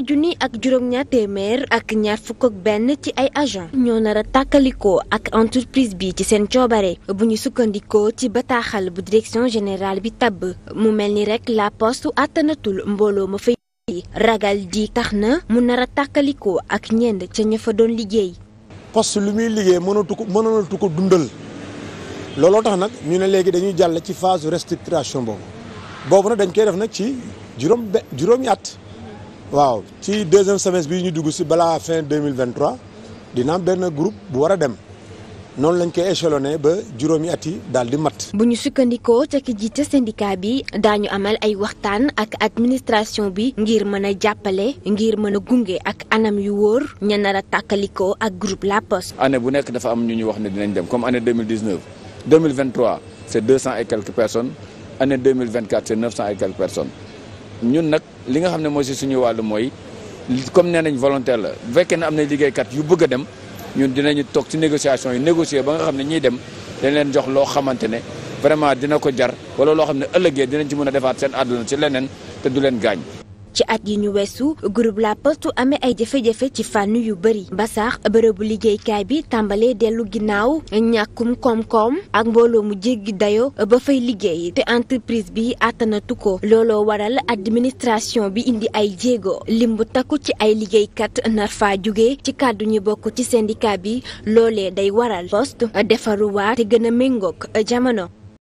ñaari junni ak juróom-ñaar téeméer ak ñaar fukk ak benn ci ay agent ñoo nar a tàkkalikoo ak entreprise bi ci seen coobare bu ñu sukkandikoo ci bataaxal bu direction générale bi tabb mu mel ni rek la poste àttanatul mbooloo ma fay ragal di tax na mu nar a tàkkalikoo ak ñenn ca ña fa doon liggéey. post lu muy liggéey mënatu ko mënatu ko dundal looloo tax nag ñu ne léegi dañuy jàll ci phase restructuration boobu boobu nag dañ koy def nag ci juróom be waaw ci deuxième semestre bii ñu dugg si balaa fin 2023 dina am benn groupe bu war a dem noonu lañ koy échelonné ba juróom at yi daal di mat. bu ñu sukkandikoo ca ki jiite syndicat bi daañu amal ay waxtaan ak administration bi ngir mën a jàppale ngir mën a gunge ak anam yu wóor ña nar a tàkkalikoo ak groupe La Poste. année bu nekk dafa am ñu ñu wax ne dinañ dem comme année 2019 2023 c' est 200 et quelques personnes année ñun nag li nga xam ne moo si suñu wàllu mooy comme nee nañ volontaire la bu fekkee na am na liggéeykat yu bëgg dem ñun dinañu toog ci négociation yi négocier ba nga xam ne ñiy dem dañ leen jox loo xamante ne vraiment dina ko jar wala loo xam ne ëllëgee dinañ ci mën a defaat seen àdduna ci leneen te du leen gaañ. ci at yi ñu weesu groupe La Poste amee ay jafe-jafe ci fànn yu bëri ba sax bërëbu liggéeykaay bi tàmbalee dellu ginnaaw ñàkkum koom-koom ak mbooloo mu jéggi dayo ba fay liggéey te entreprise bi àttanatu ko looloo waral administration bi indi ay jéego lim takku ci ay liggéeykat nar faa jóge ci kàddu ñi bokk ci syndicat bi loolee day waral Poste defaruwaat te gën a méngoog jamono